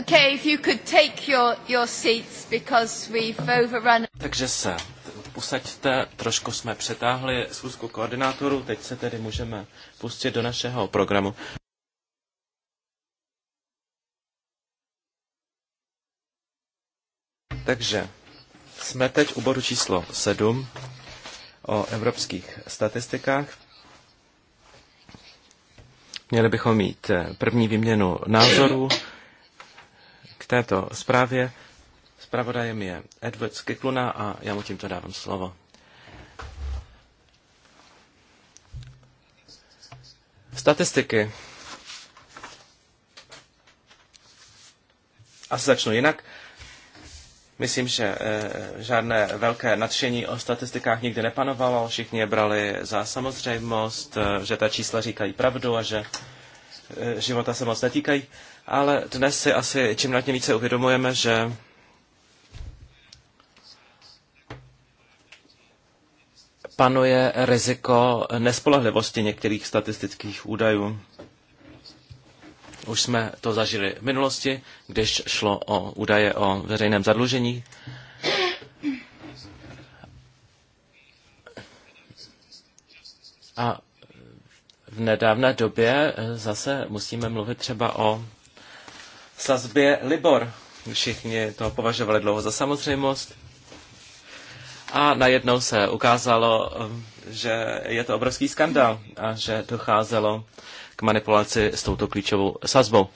Okay, if you could take your, your seats because we've overrun. Takže se usaďte, trošku jsme přetáhli schůzku koordinátorů, teď se tedy můžeme pustit do našeho programu. Takže jsme teď u bodu číslo 7 o evropských statistikách. Měli bychom mít eh, první výměnu názorů k této zprávě. Zpravodajem je Edward Skikluna a já mu tímto dávám slovo. Statistiky. Asi začnu jinak. Myslím, že eh, žádné velké nadšení o statistikách nikdy nepanovalo. Všichni je brali za samozřejmost, eh, že ta čísla říkají pravdu a že eh, života se moc netýkají. Ale dnes si asi čím nad tím více uvědomujeme, že panuje riziko nespolehlivosti některých statistických údajů. Už jsme to zažili v minulosti, když šlo o údaje o veřejném zadlužení. A v nedávné době zase musíme mluvit třeba o sazbě Libor. Všichni to považovali dlouho za samozřejmost. A najednou se ukázalo, že je to obrovský skandál a že docházelo k manipulaci s touto klíčovou sazbou.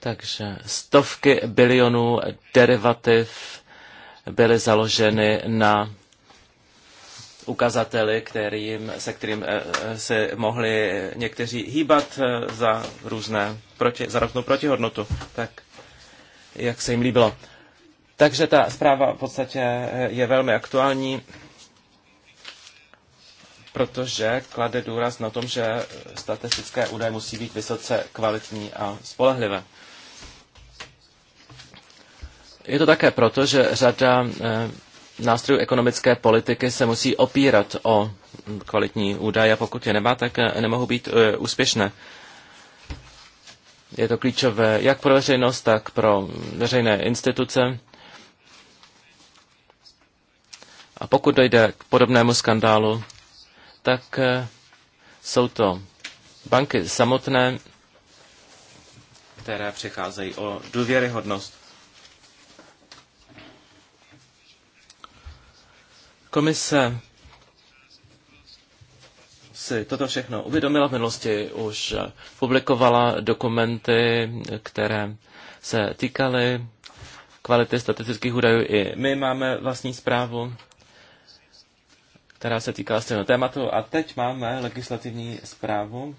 Takže stovky bilionů derivativ byly založeny na ukazateli, kterým, se kterým eh, eh, se mohli někteří hýbat eh, za různé, proti, za rovnou protihodnotu, tak jak se jim líbilo. Takže ta zpráva v podstatě je velmi aktuální protože klade důraz na tom, že statistické údaje musí být vysoce kvalitní a spolehlivé. Je to také proto, že řada eh, nástrojů ekonomické politiky se musí opírat o kvalitní údaje a pokud je nemá, tak eh, nemohou být eh, úspěšné. Je to klíčové jak pro veřejnost, tak pro veřejné instituce. A pokud dojde k podobnému skandálu, tak eh, jsou to banky samotné, které přicházejí o důvěryhodnost. Komise si toto všechno uvědomila v minulosti, už eh, publikovala dokumenty, které se týkaly kvality statistických údajů. I my máme vlastní zprávu která se týká stejného tématu. A teď máme legislativní zprávu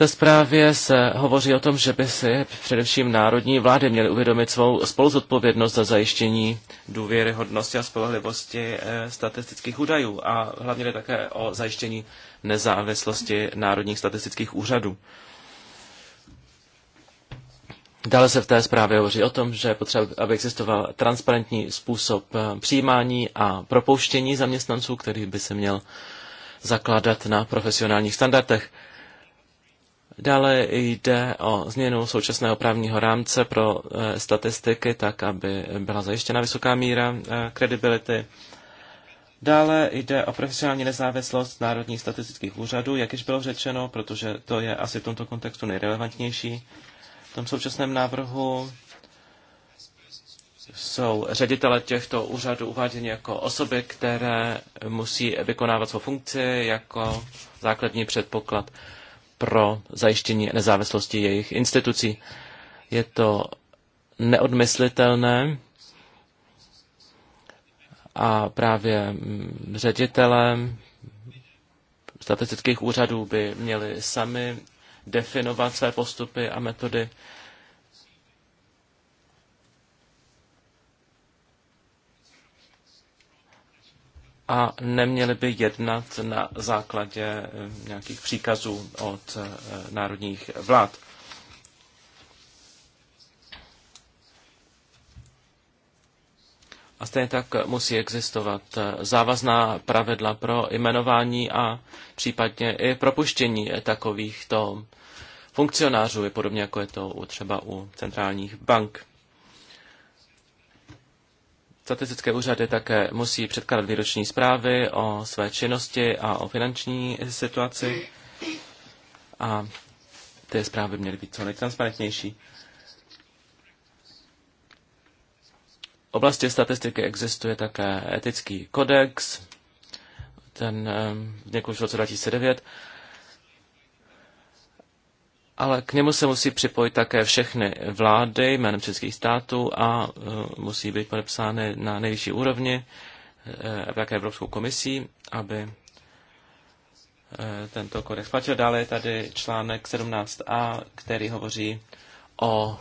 té zprávě se hovoří o tom, že by si především národní vlády měly uvědomit svou spoluzodpovědnost za zajištění důvěryhodnosti a spolehlivosti eh, statistických údajů a hlavně jde také o zajištění nezávislosti národních statistických úřadů. Dále se v té zprávě hovoří o tom, že je potřeba, aby existoval transparentní způsob eh, přijímání a propouštění zaměstnanců, který by se měl zakládat na profesionálních standardech. Dále jde o změnu současného právního rámce pro eh, statistiky, tak aby byla zajištěna vysoká míra eh, kredibility. Dále jde o profesionální nezávislost národních statistických úřadů, jak již bylo řečeno, protože to je asi v tomto kontextu nejrelevantnější. V tom současném návrhu jsou ředitele těchto úřadů uváděni jako osoby, které musí vykonávat svou funkci jako základní předpoklad pro zajištění nezávislosti jejich institucí. Je to neodmyslitelné a právě mm, ředitele statistických úřadů by měli sami definovat své postupy a metody a neměli by jednat na základě eh, nějakých příkazů od eh, národních vlád. A stejně tak musí existovat eh, závazná pravidla pro jmenování a případně i propuštění takovýchto funkcionářů, podobně jako je to u, třeba u centrálních bank. Statistické úřady také musí předkládat výroční zprávy o své činnosti a o finanční situaci a ty zprávy měly být co nejtransparentnější. V oblasti statistiky existuje také etický kodex, ten ehm, vznikl už v roce 2009 ale k němu se musí připojit také všechny vlády jménem českých států a e, musí být podepsány na nejvyšší úrovni také e, Evropskou komisí, aby e, tento kodex platil. Dále je tady článek 17a, který hovoří o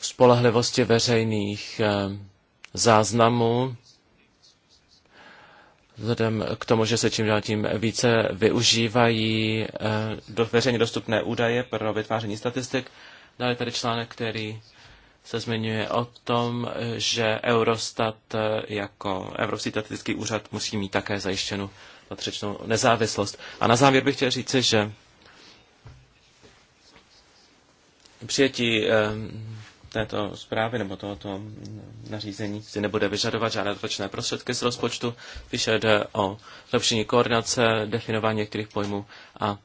spolehlivosti veřejných záznamů Vzhledem k tomu, že se čím dál tím více využívají eh, do veřejně dostupné údaje pro vytváření statistik, dále tady článek, který se zmiňuje o tom, že Eurostat eh, jako Evropský statistický úřad musí mít také zajištěnu patřičnou nezávislost. A na závěr bych chtěl říci, že přijetí eh, této zprávy nebo tohoto nařízení si nebude vyžadovat žádné dotačné prostředky z rozpočtu, spíše jde o zlepšení koordinace, definování některých pojmů a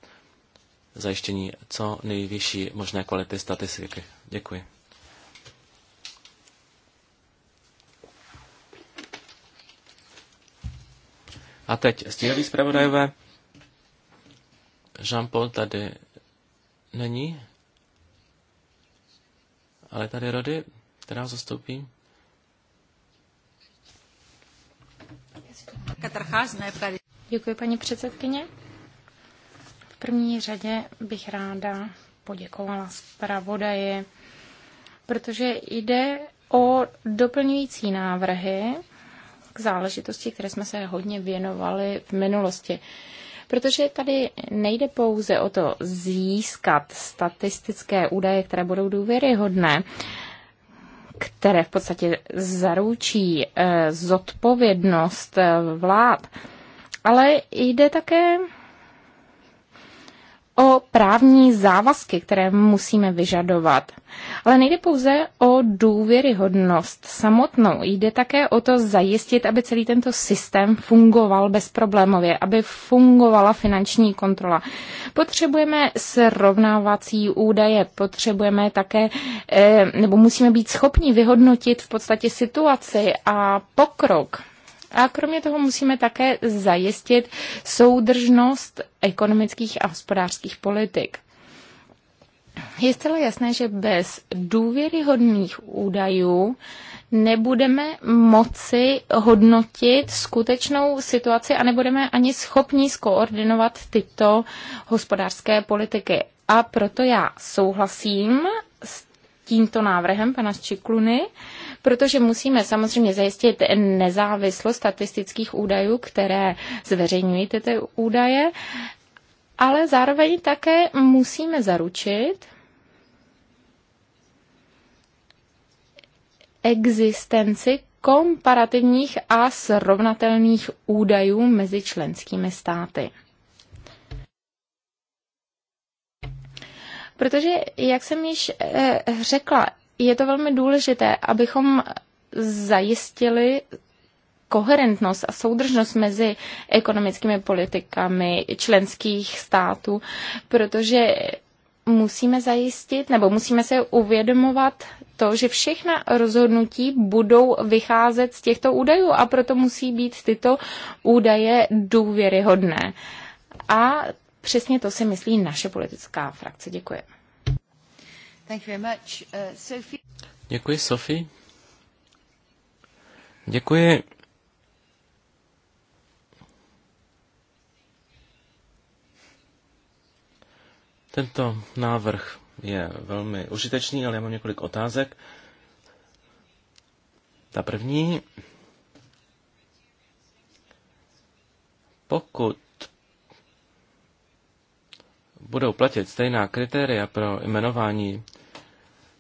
zajištění co nejvyšší možné kvality statistiky. Děkuji. A teď stínový zpravodajové. Jean-Paul tady není. Ale tady Rody, která zastoupí Děkuji, paní předsedkyně. V první řadě bych ráda poděkovala zpravodaji, protože jde o doplňující návrhy k záležitosti, které jsme se hodně věnovali v minulosti protože tady nejde pouze o to získat statistické údaje, které budou důvěryhodné, které v podstatě zaručí eh, zodpovědnost eh, vlád, ale jde také o právní závazky, které musíme vyžadovat. Ale nejde pouze o důvěryhodnost samotnou. Jde také o to zajistit, aby celý tento systém fungoval bezproblémově, aby fungovala finanční kontrola. Potřebujeme srovnávací údaje, potřebujeme také, eh, nebo musíme být schopni vyhodnotit v podstatě situaci a pokrok a kromě toho musíme také zajistit soudržnost ekonomických a hospodářských politik. Je zcela jasné, že bez důvěryhodných údajů nebudeme moci hodnotit skutečnou situaci a nebudeme ani schopni skoordinovat tyto hospodářské politiky. A proto já souhlasím s tímto návrhem pana Čikluny protože musíme samozřejmě zajistit nezávislost statistických údajů, které zveřejňují tyto údaje, ale zároveň také musíme zaručit, existenci komparativních a srovnatelných údajů mezi členskými státy. Protože, jak jsem již eh, řekla, je to velmi důležité, abychom zajistili koherentnost a soudržnost mezi ekonomickými politikami členských států, protože musíme zajistit nebo musíme se uvědomovat to, že všechna rozhodnutí budou vycházet z těchto údajů a proto musí být tyto údaje důvěryhodné. A přesně to si myslí naše politická frakce. Děkuji. Uh, Děkuji, Sophie. Děkuji. Tento návrh je velmi užitečný, ale já mám několik otázek. Ta první, pokud budou platit stejná kritéria pro jmenování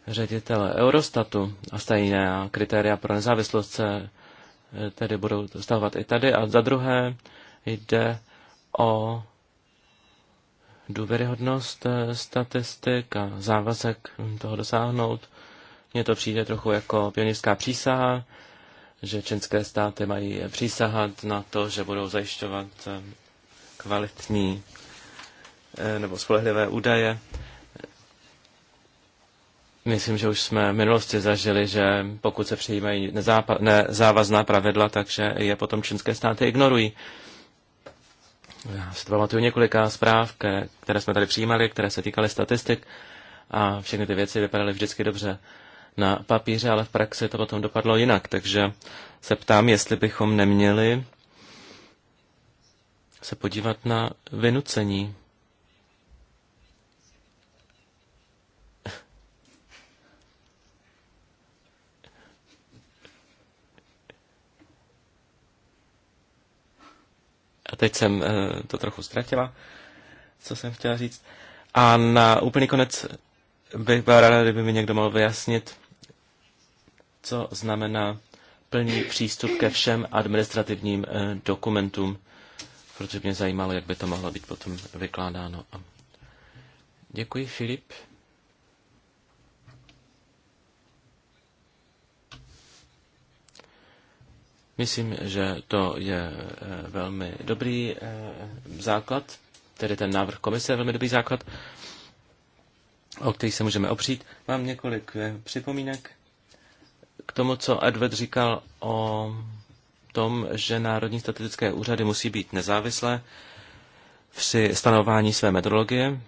ředitele Eurostatu a stejná kritéria pro nezávislost se eh, tedy budou stavovat i tady. A za druhé jde o důvěryhodnost eh, statistik a závazek toho dosáhnout. Mně to přijde trochu jako pionická přísaha, že čínské státy mají přísahat na to, že budou zajišťovat eh, kvalitní Eh, nebo spolehlivé údaje. Myslím, že už jsme v minulosti zažili, že pokud se přijímají nezávazná pravidla, takže je potom čínské státy ignorují. Já si pamatuju několika zpráv, které jsme tady přijímali, které se týkaly statistik a všechny ty věci vypadaly vždycky dobře na papíře, ale v praxi to potom dopadlo jinak. Takže se ptám, jestli bychom neměli se podívat na vynucení A teď jsem eh, to trochu ztratila, co jsem chtěla říct. A na úplný konec bych byla ráda, kdyby mi někdo mohl vyjasnit, co znamená plný přístup ke všem administrativním eh, dokumentům, protože mě zajímalo, jak by to mohlo být potom vykládáno. Děkuji, Filip. Myslím, že to je eh, velmi dobrý eh, základ, tedy ten návrh komise je velmi dobrý základ, o který se můžeme opřít. Mám několik eh, připomínek k tomu, co Edward říkal o tom, že národní statistické úřady musí být nezávislé při stanování své metodologie.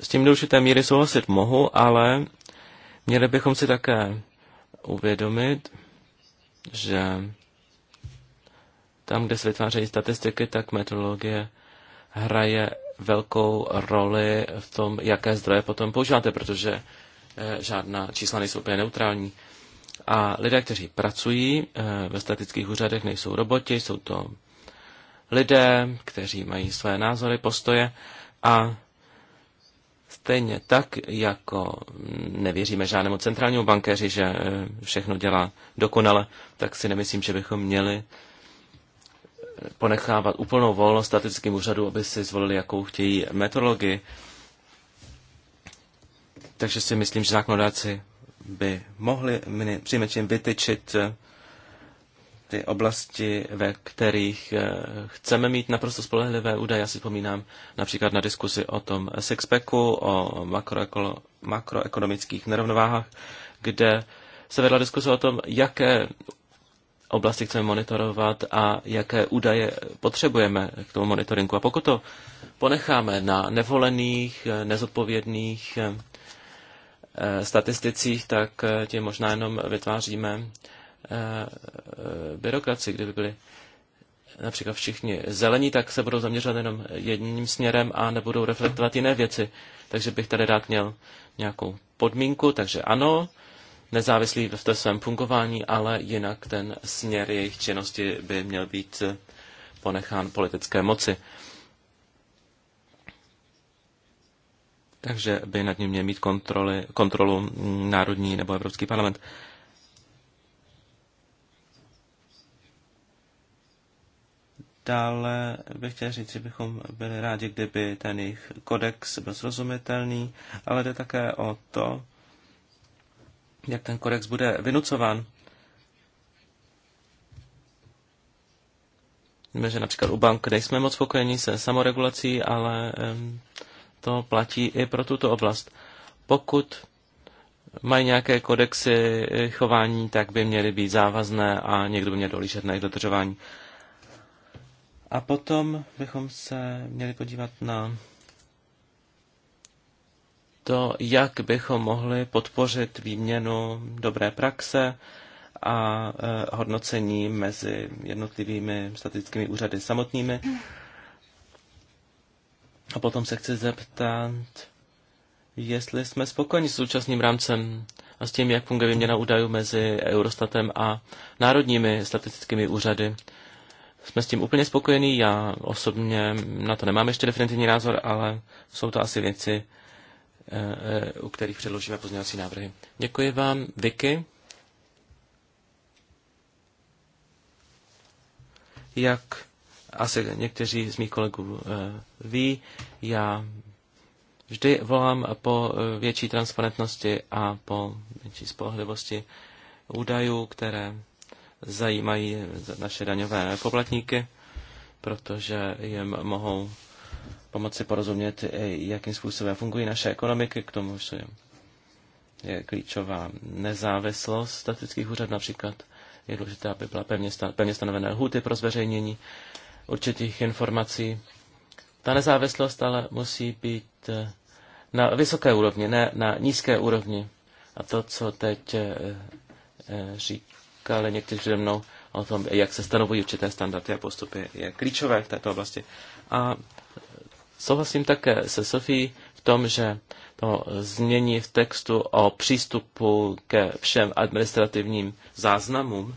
S tím do určité míry souhlasit mohu, ale měli bychom si také uvědomit, že tam, kde se vytvářejí statistiky, tak metodologie hraje velkou roli v tom, jaké zdroje potom používáte, protože eh, žádná čísla nejsou úplně neutrální. A lidé, kteří pracují eh, ve statických úřadech, nejsou roboti, jsou to lidé, kteří mají své názory, postoje a Stejně tak, jako nevěříme žádnému centrálnímu bankéři, že eh, všechno dělá dokonale, tak si nemyslím, že bychom měli eh, ponechávat úplnou volnost statickým úřadu, aby si zvolili, jakou chtějí metodologii. Takže si myslím, že zákonodáci by mohli přímečím vytyčit eh, ty oblasti, ve kterých eh, chceme mít naprosto spolehlivé údaje. Já si vzpomínám například na diskusi o tom sexpeku, o makroekolo, makroekonomických nerovnováhách, kde se vedla diskuse o tom, jaké oblasti chceme monitorovat a jaké údaje potřebujeme k tomu monitoringu. A pokud to ponecháme na nevolených, nezodpovědných eh, statisticích, tak eh, tím možná jenom vytváříme Eh, eh, byrokraci, kdyby byli například všichni zelení, tak se budou zaměřovat jenom jedním směrem a nebudou reflektovat jiné věci. Takže bych tady rád měl nějakou podmínku, takže ano, nezávislí v té svém fungování, ale jinak ten směr jejich činnosti by měl být ponechán politické moci. Takže by nad ním měl mít kontroly, kontrolu Národní nebo Evropský parlament. Uh, Dále bych chtěl říct, že bychom byli rádi, kdyby ten jejich kodex byl srozumitelný, ale jde také o to, jak ten kodex bude vynucován. Víme, že například u bank nejsme moc spokojení se samoregulací, ale to platí i pro tuto oblast. Pokud mají nějaké kodexy chování, tak by měly být závazné a někdo by měl dolížet na jejich dodržování. A potom bychom se měli podívat na to, jak bychom mohli podpořit výměnu dobré praxe a e, hodnocení mezi jednotlivými statickými úřady samotnými. A potom se chci zeptat, jestli jsme spokojeni s současným rámcem a s tím, jak funguje výměna údajů mezi Eurostatem a národními statistickými úřady jsme s tím úplně spokojení. Já osobně na to nemám ještě definitivní názor, ale jsou to asi věci, eh, eh, u kterých předložíme pozměňovací návrhy. Děkuji vám, Vicky. Jak asi někteří z mých kolegů eh, ví, já vždy volám po větší transparentnosti a po větší spolehlivosti údajů, které zajímají naše daňové poplatníky, protože jim mohou pomoci porozumět, jakým způsobem fungují naše ekonomiky, k tomu že je klíčová nezávislost statických úřad například. Je důležité, aby byla pevně, sta- pevně stanovené lhuty pro zveřejnění určitých informací. Ta nezávislost ale musí být eh, na vysoké úrovni, ne na nízké úrovni. A to, co teď eh, eh, říká ale někteří přede mnou o tom, jak se stanovují určité standardy a postupy, je klíčové v této oblasti. A souhlasím také se Sofí v tom, že to změní v textu o přístupu ke všem administrativním záznamům.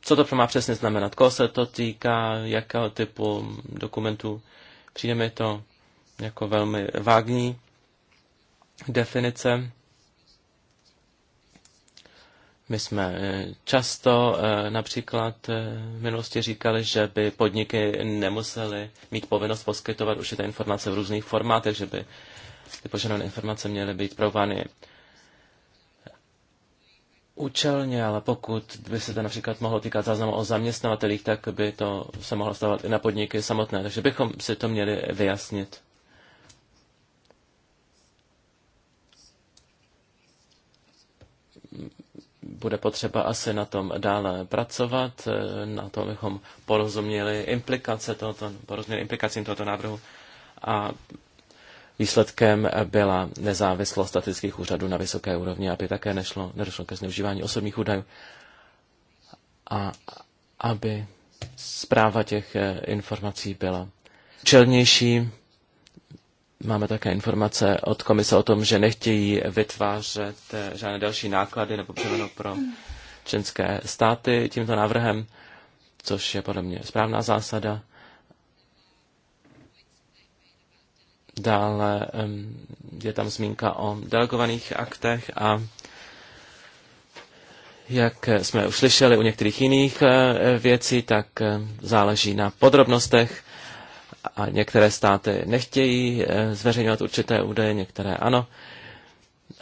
Co to má přesně znamenat? Koho se to týká? Jakého typu dokumentů? Přijde mi to jako velmi vágní definice. My jsme eh, často eh, například eh, v minulosti říkali, že by podniky nemusely mít povinnost poskytovat určité informace v různých formátech, že by ty požadované informace měly být provány účelně, ale pokud by se to například mohlo týkat záznamu o zaměstnavatelích, tak by to se mohlo stávat i na podniky samotné. Takže bychom si to měli vyjasnit. bude potřeba asi na tom dále pracovat, eh, na tom, abychom porozuměli implikace tohoto, porozuměli implikacím tohoto návrhu a Výsledkem byla nezávislost statických úřadů na vysoké úrovni, aby také nešlo, nedošlo ke zneužívání osobních údajů a aby zpráva těch eh, informací byla čelnější Máme také informace od komise o tom, že nechtějí vytvářet eh, žádné další náklady nebo břemeno pro členské státy tímto návrhem, což je podle mě správná zásada. Dále je tam zmínka o delegovaných aktech a jak jsme už slyšeli u některých jiných eh, věcí, tak eh, záleží na podrobnostech a některé státy nechtějí eh, zveřejňovat určité údaje, některé ano.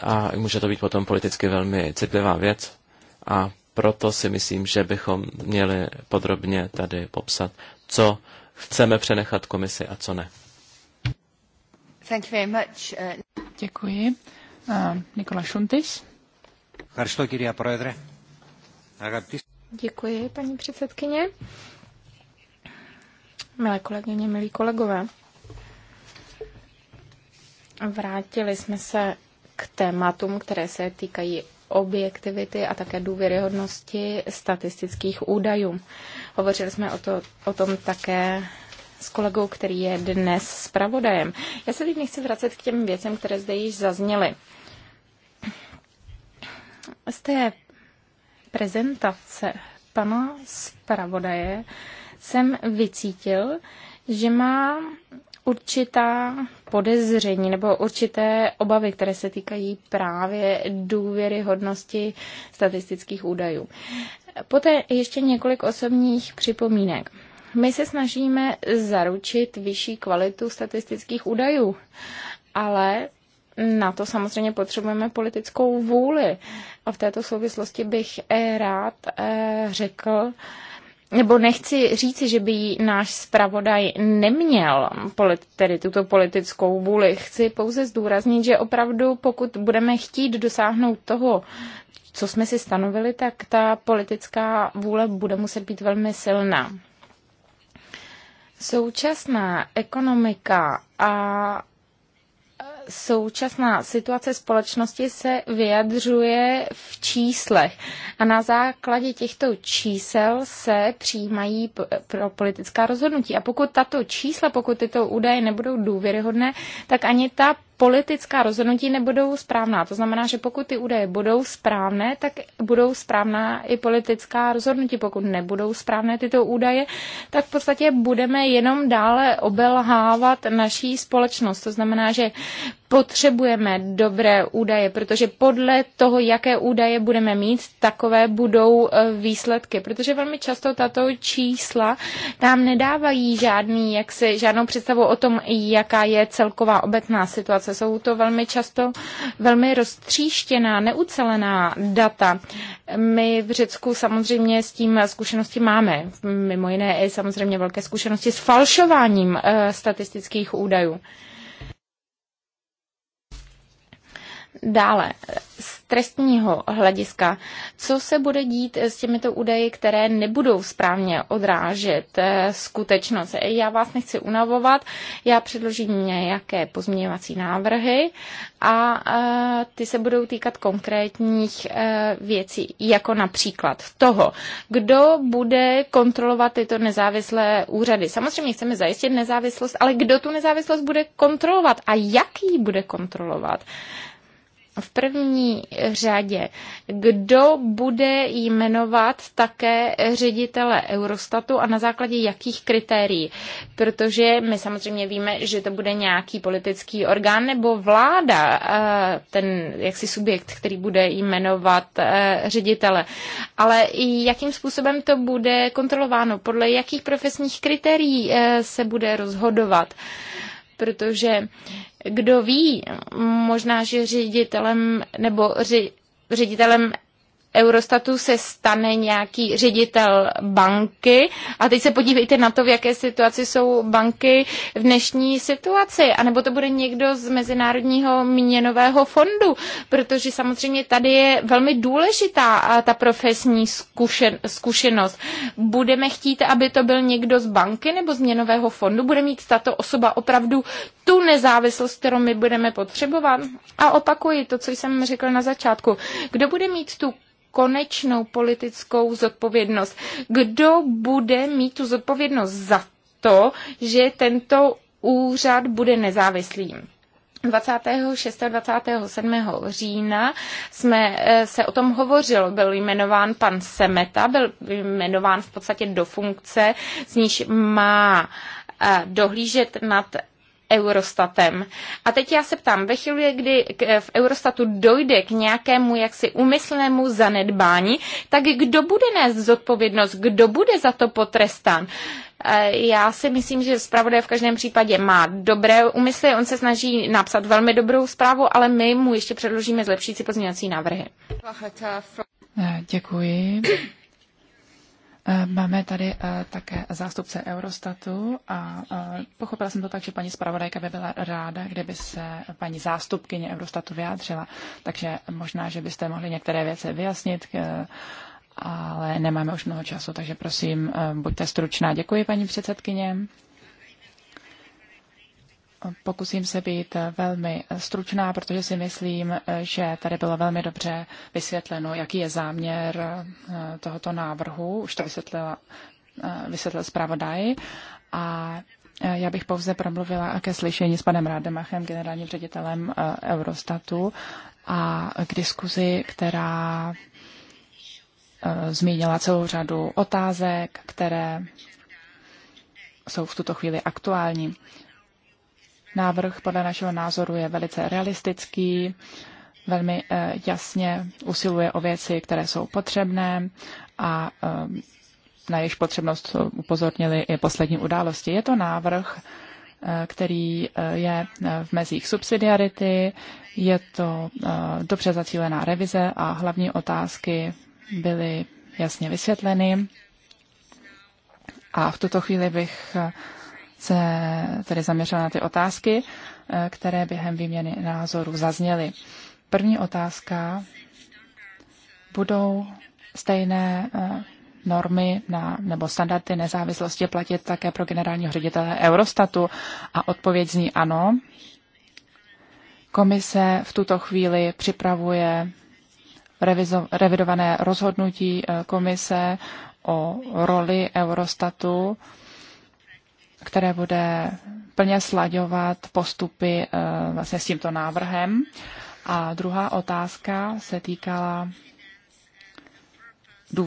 A může to být potom politicky velmi citlivá věc. A proto si myslím, že bychom měli podrobně tady popsat, co chceme přenechat komisi a co ne. Thank you very much. Uh, Děkuji. Uh, Nikola Šuntis. Děkuji, paní předsedkyně. Milé kolegyně, milí kolegové, vrátili jsme se k tématům, které se týkají objektivity a také důvěryhodnosti statistických údajů. Hovořili jsme o, to, o tom také s kolegou, který je dnes zpravodajem. Já se teď nechci vracet k těm věcem, které zde již zazněly. Z té prezentace pana zpravodaje jsem vycítil, že má určitá podezření nebo určité obavy, které se týkají právě důvěryhodnosti statistických údajů. Poté ještě několik osobních připomínek. My se snažíme zaručit vyšší kvalitu statistických údajů, ale na to samozřejmě potřebujeme politickou vůli. A v této souvislosti bych rád eh, řekl, nebo nechci říci, že by ji náš zpravodaj neměl polit, tedy tuto politickou vůli. Chci pouze zdůraznit, že opravdu pokud budeme chtít dosáhnout toho, co jsme si stanovili, tak ta politická vůle bude muset být velmi silná. Současná ekonomika a současná situace společnosti se vyjadřuje v číslech a na základě těchto čísel se přijímají pro politická rozhodnutí. A pokud tato čísla, pokud tyto údaje nebudou důvěryhodné, tak ani ta politická rozhodnutí nebudou správná. To znamená, že pokud ty údaje budou správné, tak budou správná i politická rozhodnutí. Pokud nebudou správné tyto údaje, tak v podstatě budeme jenom dále obelhávat naší společnost. To znamená, že potřebujeme dobré údaje, protože podle toho, jaké údaje budeme mít, takové budou eh, výsledky, protože velmi často tato čísla nám nedávají žádný, jak si, žádnou představu o tom, jaká je celková obecná situace. Jsou to velmi často velmi roztříštěná, neucelená data. My v Řecku samozřejmě s tím zkušenosti máme, mimo jiné i samozřejmě velké zkušenosti s falšováním eh, statistických údajů. Dále, z trestního hlediska, co se bude dít s těmito údaji, které nebudou správně odrážet eh, skutečnost? Já vás nechci unavovat, já předložím nějaké pozměňovací návrhy a eh, ty se budou týkat konkrétních eh, věcí, jako například toho, kdo bude kontrolovat tyto nezávislé úřady. Samozřejmě chceme zajistit nezávislost, ale kdo tu nezávislost bude kontrolovat a jak ji bude kontrolovat? v první řadě, kdo bude jmenovat také ředitele Eurostatu a na základě jakých kritérií. Protože my samozřejmě víme, že to bude nějaký politický orgán nebo vláda, eh, ten jaksi subjekt, který bude jmenovat eh, ředitele. Ale jakým způsobem to bude kontrolováno, podle jakých profesních kritérií eh, se bude rozhodovat protože kdo ví, možná, že ředitelem nebo ři, ředitelem Eurostatu se stane nějaký ředitel banky a teď se podívejte na to, v jaké situaci jsou banky v dnešní situaci, anebo to bude někdo z Mezinárodního měnového fondu, protože samozřejmě tady je velmi důležitá ta profesní zkušen, zkušenost. Budeme chtít, aby to byl někdo z banky nebo z měnového fondu, bude mít tato osoba opravdu tu nezávislost, kterou my budeme potřebovat. A opakuji to, co jsem řekl na začátku. Kdo bude mít tu konečnou politickou zodpovědnost. Kdo bude mít tu zodpovědnost za to, že tento úřad bude nezávislý? 26. a 27. října jsme eh, se o tom hovořil. Byl jmenován pan Semeta, byl jmenován v podstatě do funkce, z níž má eh, dohlížet nad Eurostatem. A teď já se ptám, ve chvíli, kdy v Eurostatu dojde k nějakému jaksi umyslnému zanedbání, tak kdo bude nést zodpovědnost, kdo bude za to potrestán? E, já si myslím, že zpravodaj v každém případě má dobré úmysly, on se snaží napsat velmi dobrou zprávu, ale my mu ještě předložíme zlepšící pozměňovací návrhy. E, děkuji. Eh, máme tady eh, také zástupce Eurostatu a eh, pochopila jsem to tak, že paní zpravodajka by byla ráda, kdyby se paní zástupkyně Eurostatu vyjádřila. Takže možná, že byste mohli některé věci vyjasnit, ale nemáme už mnoho času, takže prosím, buďte stručná. Děkuji, paní předsedkyně. Pokusím se být eh, velmi eh, stručná, protože si myslím, eh, že tady bylo velmi dobře vysvětleno, jaký je záměr tohoto návrhu. Už to vysvětlila, vysvětlil zpravodaj. A já bych pouze promluvila ke slyšení s panem Rademachem, generálním ředitelem Eurostatu, a k diskuzi, která zmínila celou řadu otázek, které jsou v tuto chvíli aktuální. Návrh podle našeho názoru je velice realistický, velmi eh, jasně usiluje o věci, které jsou potřebné a eh, na jejich potřebnost upozornili i poslední události. Je to návrh, eh, který je v mezích subsidiarity, je to dobře zacílená revize a hlavní otázky byly jasně vysvětleny. A v tuto chvíli bych se tedy zaměřila na ty otázky, eh, které během výměny názorů zazněly. První otázka. Budou stejné eh, normy na, nebo standardy nezávislosti platit také pro generálního ředitele Eurostatu? A odpověď zní ano. Komise v tuto chvíli připravuje revizo, revidované rozhodnutí eh, komise o roli Eurostatu které bude plně slaďovat postupy eh, vlastně s tímto návrhem. A druhá otázka se týkala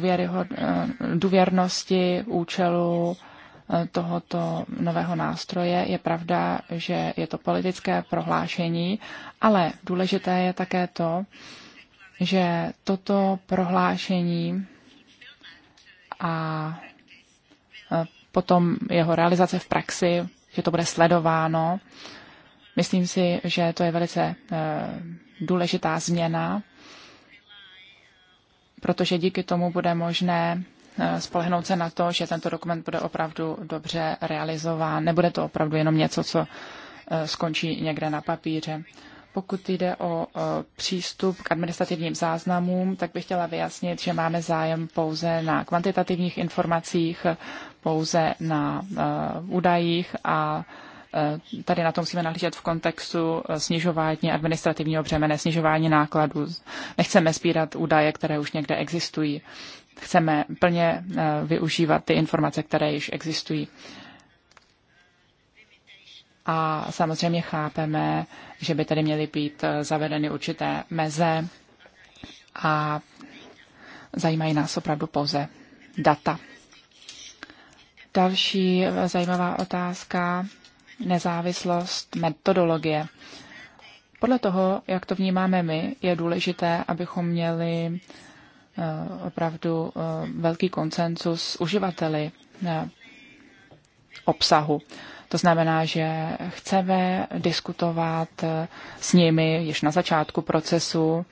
eh, důvěrnosti účelu eh, tohoto nového nástroje. Je pravda, že je to politické prohlášení, ale důležité je také to, že toto prohlášení a potom jeho realizace v praxi, že to bude sledováno. Myslím si, že to je velice eh, důležitá změna, protože díky tomu bude možné eh, spolehnout se na to, že tento dokument bude opravdu dobře realizován. Nebude to opravdu jenom něco, co eh, skončí někde na papíře. Pokud jde o přístup k administrativním záznamům, tak bych chtěla vyjasnit, že máme zájem pouze na kvantitativních informacích, pouze na e, údajích a e, tady na to musíme nahlížet v kontextu e, snižování administrativního břemene, snižování nákladů. Nechceme sbírat údaje, které už někde existují. Chceme plně využívat ty informace, které již existují a samozřejmě chápeme, že by tady měly být eh, zavedeny určité meze a zajímají nás opravdu pouze data. Další eh, zajímavá otázka, nezávislost metodologie. Podle toho, jak to vnímáme my, je důležité, abychom měli eh, opravdu velký koncensus uživateli obsahu. To znamená, že chceme diskutovat eh, s nimi již na začátku procesu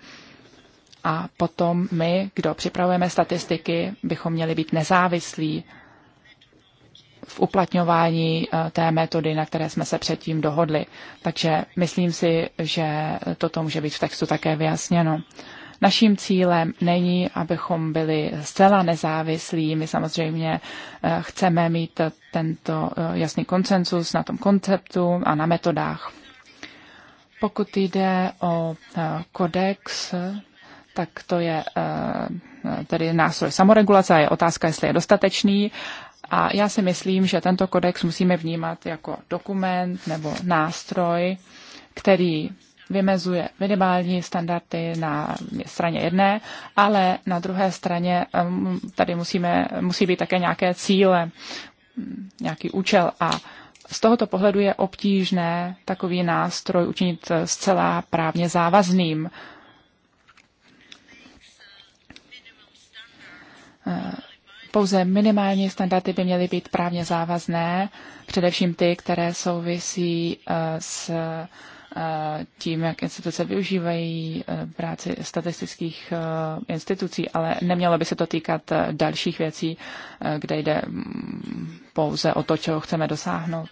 a potom my, kdo připravujeme statistiky, bychom měli být nezávislí v uplatňování eh, té metody, na které jsme se předtím dohodli. Takže myslím si, že toto může být v textu také vyjasněno. Naším cílem není, abychom byli zcela nezávislí. My samozřejmě eh, chceme mít tento eh, jasný koncensus na tom konceptu a na metodách. Pokud jde o eh, kodex, tak to je tedy nástroj samoregulace a je otázka, jestli je dostatečný. A já si myslím, že tento kodex musíme vnímat jako dokument nebo nástroj, který vymezuje minimální standardy na straně jedné, ale na druhé straně tady musíme, musí být také nějaké cíle, nějaký účel a z tohoto pohledu je obtížné takový nástroj učinit zcela právně závazným. Eh, pouze minimální standardy by měly být právně závazné, především ty, které souvisí eh, s Eh, tím, jak instituce využívají eh, práci statistických eh, institucí, ale nemělo by se to týkat dalších věcí, kde jde mm, pouze o to, čeho chceme dosáhnout.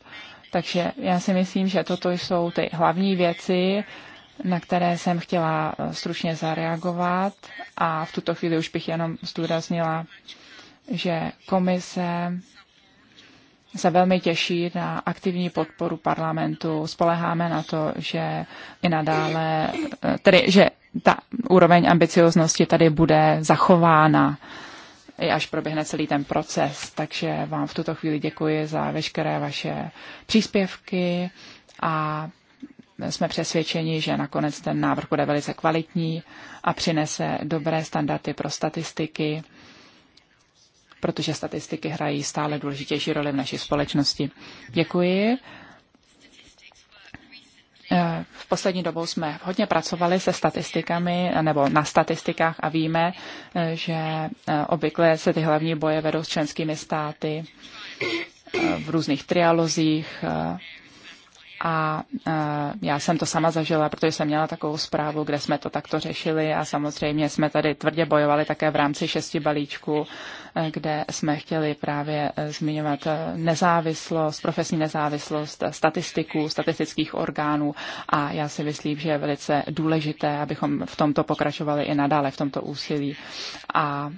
Takže já si myslím, že toto jsou ty hlavní věci, na které jsem chtěla stručně zareagovat a v tuto chvíli už bych jenom zdůraznila, že komise se velmi těší na aktivní podporu parlamentu. Spoleháme na to, že i nadále, tedy, že ta úroveň ambicioznosti tady bude zachována i až proběhne celý ten proces. Takže vám v tuto chvíli děkuji za veškeré vaše příspěvky a jsme přesvědčeni, že nakonec ten návrh bude velice kvalitní a přinese dobré standardy pro statistiky protože statistiky hrají stále důležitější roli v naší společnosti. Děkuji. Eh, v poslední dobou jsme hodně pracovali se statistikami nebo na statistikách a víme, eh, že eh, obvykle se ty hlavní boje vedou s členskými státy v různých trialozích a e, já jsem to sama zažila, protože jsem měla takovou zprávu, kde jsme to takto řešili a samozřejmě jsme tady tvrdě bojovali také v rámci šesti balíčků, e, kde jsme chtěli právě e, zmiňovat nezávislost, profesní nezávislost statistiků, statistických orgánů a já si myslím, že je velice důležité, abychom v tomto pokračovali i nadále, v tomto úsilí. A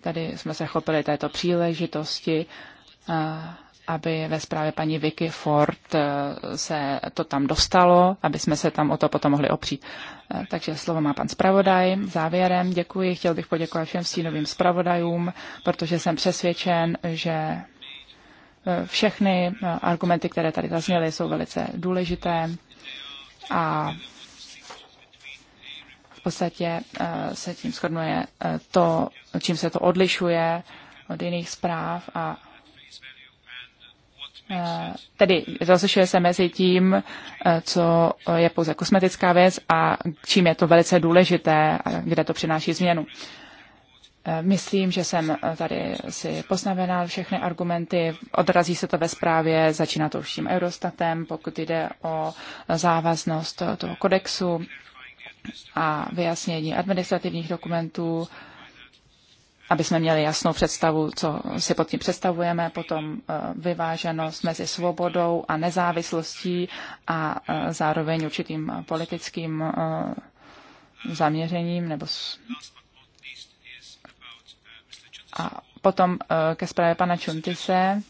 tady jsme se chopili této příležitosti aby ve zprávě paní Vicky Ford eh, se to tam dostalo, aby jsme se tam o to potom mohli opřít. Eh, takže slovo má pan zpravodaj. Závěrem děkuji, chtěl bych poděkovat všem stínovým zpravodajům, protože jsem přesvědčen, že eh, všechny argumenty, které tady zazněly, jsou velice důležité a v podstatě se tím shodnuje to, čím se to odlišuje od jiných zpráv a Eh, tedy rozlišuje se mezi tím, eh, co je pouze kosmetická věc a čím je to velice důležité, kde to přináší změnu. Eh, myslím, že jsem tady si poznamenal všechny argumenty. Odrazí se to ve zprávě, začíná to už tím Eurostatem, pokud jde o závaznost toho kodexu a vyjasnění administrativních dokumentů aby jsme měli jasnou představu, co si pod tím představujeme, potom eh, vyváženost mezi svobodou a nezávislostí a eh, zároveň určitým politickým eh, zaměřením nebo a potom ke zprávě pana Čuntise.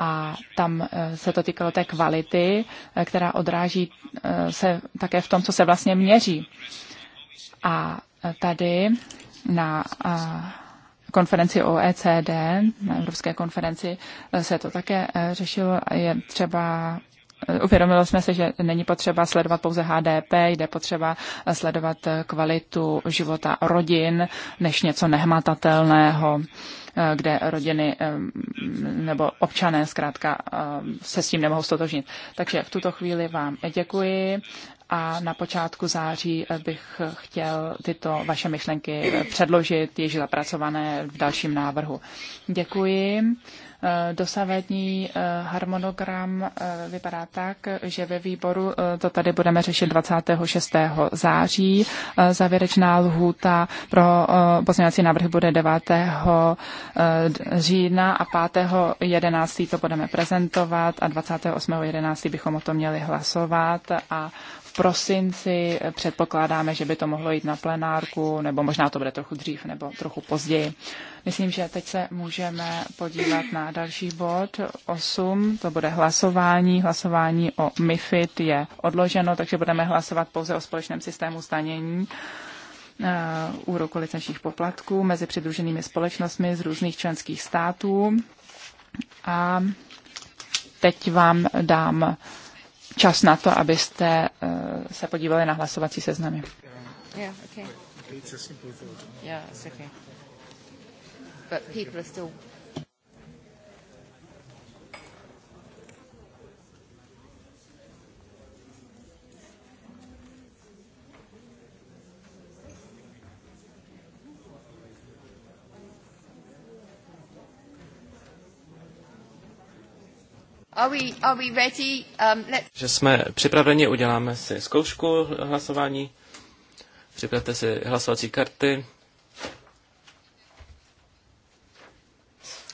a tam se to týkalo té kvality, která odráží se také v tom, co se vlastně měří. A tady na konferenci OECD, na Evropské konferenci, se to také e, řešilo. Je třeba e, Uvědomili jsme se, že není potřeba sledovat pouze HDP, jde potřeba e, sledovat kvalitu života rodin než něco nehmatatelného, kde rodiny nebo občané zkrátka se s tím nemohou stotožnit. Takže v tuto chvíli vám děkuji a na počátku září bych chtěl tyto vaše myšlenky předložit, již zapracované v dalším návrhu. Děkuji. Eh, dosavadní eh, harmonogram eh, vypadá tak, že ve výboru to tady budeme řešit 26. září. Závěrečná lhůta pro pozměňovací návrhy bude 9. října a 5. 11. to budeme prezentovat a 28. 11. bychom o tom měli hlasovat a prosinci. Eh, předpokládáme, že by to mohlo jít na plenárku, nebo možná to bude trochu dřív, nebo trochu později. Myslím, že teď se můžeme podívat na další bod 8. To bude hlasování. Hlasování o MIFID je odloženo, takže budeme hlasovat pouze o společném systému stanění eh, úroku licenčních poplatků mezi přidruženými společnostmi z různých členských států. A teď vám dám čas na to, abyste eh, se podívali na hlasovací seznamy. Yeah, okay. Yeah, it's okay. But people are still Are we, are we ready? Um, let's... Že jsme připraveni, uděláme si zkoušku hlasování. Připravte si hlasovací karty.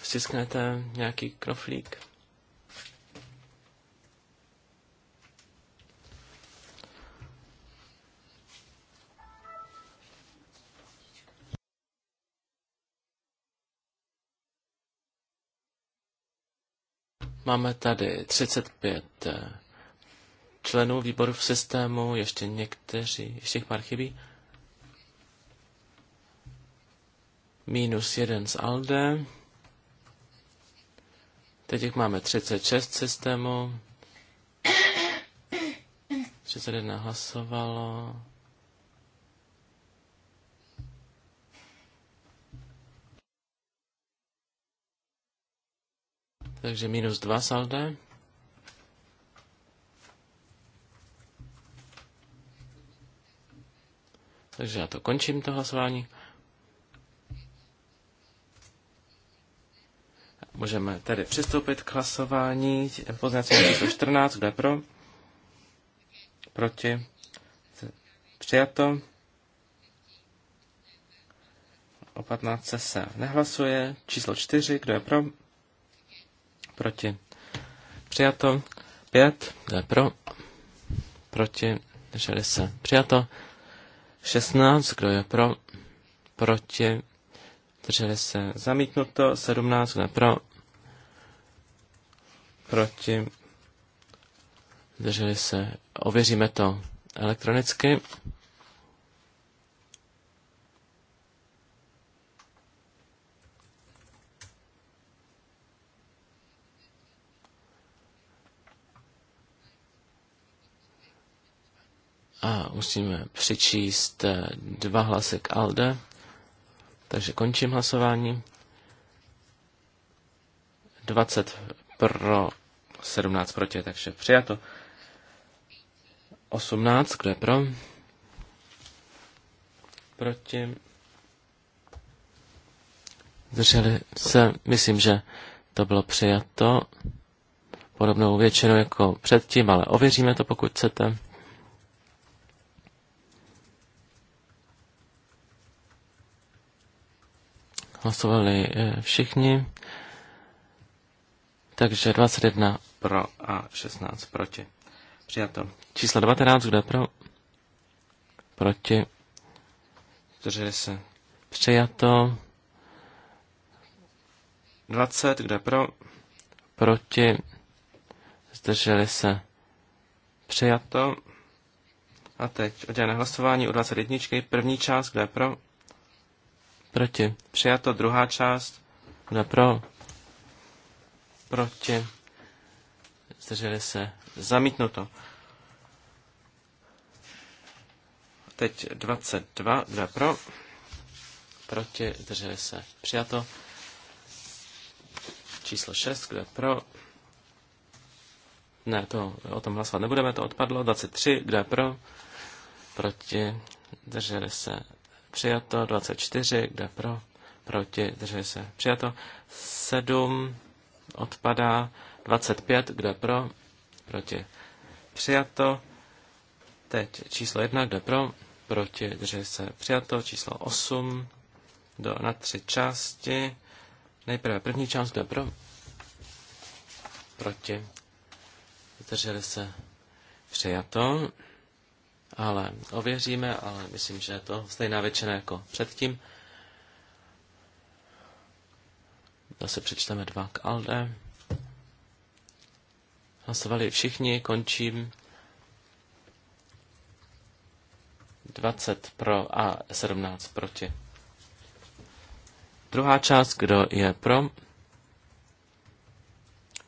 Stisknete nějaký knoflík. Máme tady 35 eh, členů výboru v systému, ještě někteří, ještě pár chybí. Minus jeden z ALDE. Teď jich máme 36 systému. 31 hlasovalo. takže minus 2 salde. Takže já to končím, to hlasování. Můžeme tedy přistoupit k hlasování poznací číslo 14, kde pro, proti, přijato. O 15 se nehlasuje. Číslo 4, kdo je pro? proti, přijato, pět, kdo je pro, proti, drželi se, přijato, šestnáct, kdo je pro, proti, drželi se, zamítnuto, sedmnáct, kdo je pro, proti, drželi se, ověříme to elektronicky. A musíme přičíst eh, dva hlasy k ALDE. Takže končím hlasování. 20 pro, 17 proti, takže přijato. 18, kdo je pro? Proti. Zdrželi se, myslím, že to bylo přijato podobnou většinou jako předtím, ale ověříme to, pokud chcete. Hlasovali eh, všichni. Takže 21 pro a 16 proti. Přijato. Číslo 19, kdo je pro? Proti. Zdrželi se. Přijato. 20, kdo je pro? Proti. Zdrželi se. Přijato. A teď oddělené hlasování u 21. První část, kdo je pro? Proti. Přijato druhá část. Kdo pro? Proti. Zdrželi se. Zamítnuto. Teď 22. Kdo pro? Proti. Zdrželi se. Přijato. Číslo 6. Kdo pro? Ne, to o tom hlasovat nebudeme, to odpadlo. 23. Kdo pro? Proti. Zdrželi se přijato, 24, kde pro, proti, drží se, přijato, 7 odpadá, 25, kde pro, proti, přijato, teď číslo 1, kde pro, proti, drží se, přijato, číslo 8, do, na tři části, nejprve první část, kde pro, proti, drželi se, přijato, ale ověříme, ale myslím, že je to stejná většina jako předtím. Zase přečteme dva k Alde. Hlasovali všichni, končím. 20 pro a 17 proti. Druhá část, kdo je pro,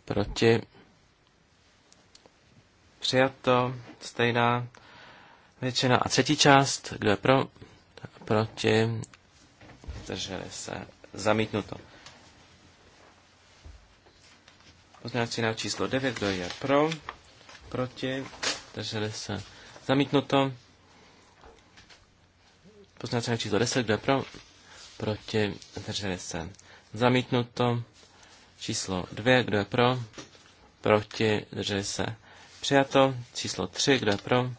proti, přijato, stejná většina. A třetí část, kdo je pro, proti, zdrželi se, zamítnuto. Pozměňovací návrh číslo 9, kdo je pro, proti, zdrželi se, zamítnuto. Pozměňovací návrh číslo 10, kdo je pro, proti, zdrželi se, zamítnuto. Číslo 2, kdo je pro, proti, zdrželi se, přijato. Číslo 3, kdo je pro,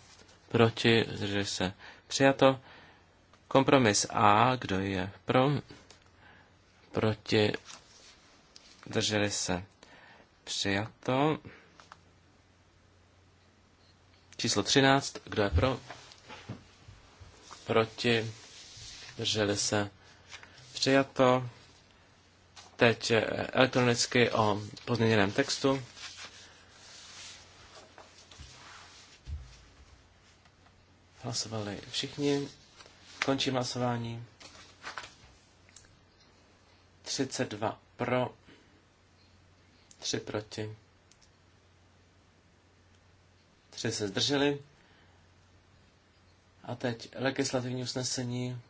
proti, zdrželi se přijato. Kompromis A, kdo je pro, proti, zdrželi se přijato. Číslo 13, kdo je pro, proti, zdrželi se přijato. Teď elektronicky o pozměněném textu. Hlasovali všichni. Končím hlasování. 32 pro, 3 proti, 3 se zdrželi. A teď legislativní usnesení.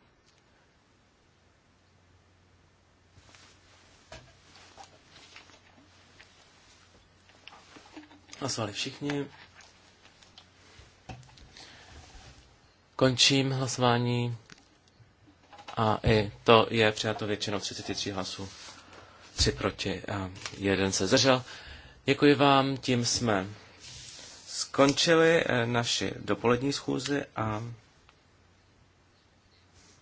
Hlasovali všichni. Končím hlasování a i to je přijato většinou 33 hlasů. 3 proti a jeden se zdržel. Děkuji vám, tím jsme skončili eh, naši dopolední schůzi a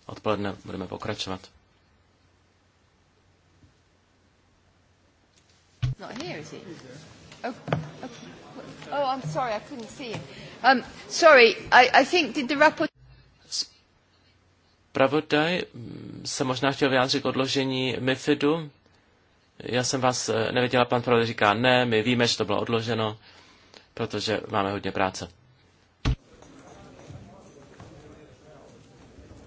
odpoledne budeme pokračovat. Not here, is he? Oh, okay. oh, I'm sorry, I couldn't see him. Um, sorry, I, I think did the rapport... Pravodaj se možná chtěl vyjádřit k odložení MIFIDu. Já jsem vás eh, neviděla, pan Pravodaj říká ne, my víme, že to bylo odloženo, protože máme hodně práce.